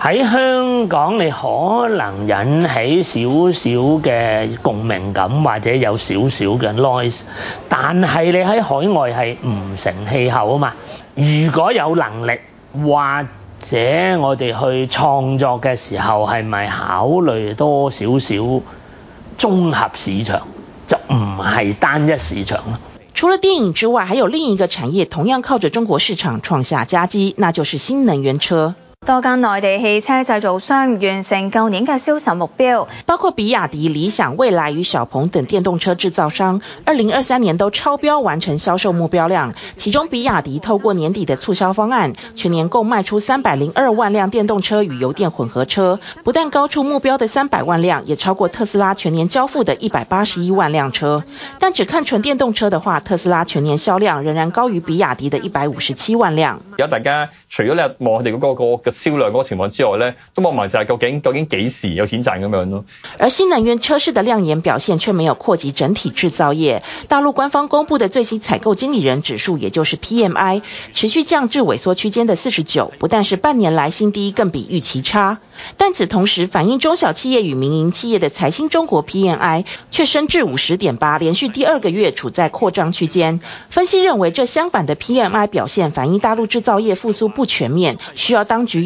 喺香港，你可能引起少少嘅共鳴感，或者有少少嘅 noise。但係你喺海外係唔成氣候啊嘛。如果有能力或者我哋去創作嘅時候，係咪考慮多少少綜合市場，就唔係單一市場了。除了電影之外，還有另一個產業同樣靠着中國市場創下佳績，那就是新能源車。多間內地汽車製造商完成舊年嘅銷售目標，包括比亞迪、理想、蔚來與小鵬等電動車製造商，二零二三年都超標完成銷售目標量。其中，比亞迪透過年底的促銷方案，全年共賣出三百零二萬輛電動車與油電混合車，不但高出目標的三百萬輛，也超過特斯拉全年交付的一百八十一萬輛車。但只看純電動車的話，特斯拉全年銷量仍然高於比亞迪的一百五十七萬輛。而家大家除咗你望佢哋嗰個銷量嗰個情況之外呢，都問埋就係究竟究竟幾時有錢賺咁樣咯。而新能源車市的亮眼表現，卻沒有擴及整體製造業。大陸官方公布的最新採購經理人指數，也就是 P M I，持續降至萎縮區間的四十九，不但是半年來新低，更比預期差。但此同時，反映中小企業與民營企業的財新中國 P M I，卻升至五十點八，連續第二個月處在擴張區間。分析認為，這相反的 P M I 表現，反映大陸製造業復甦不全面，需要當局，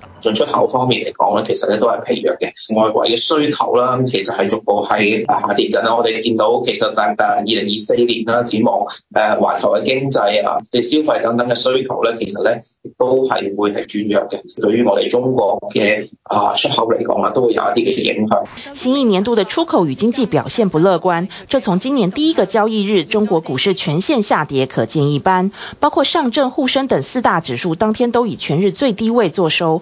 進出口方面嚟講咧，其實咧都係疲弱嘅，外圍嘅需求啦，其實係逐步係下跌緊啦。我哋見到其實大概二零二四年啦，展望誒環球嘅經濟啊，即消費等等嘅需求咧，其實咧都係會係轉弱嘅。對於我哋中國嘅啊出口嚟講啊，都會有一啲嘅影響。新一年度嘅出口與經濟表現不樂觀，這從今年第一個交易日，中國股市全線下跌，可見一斑。包括上證、滬深等四大指數當天都以全日最低位作收。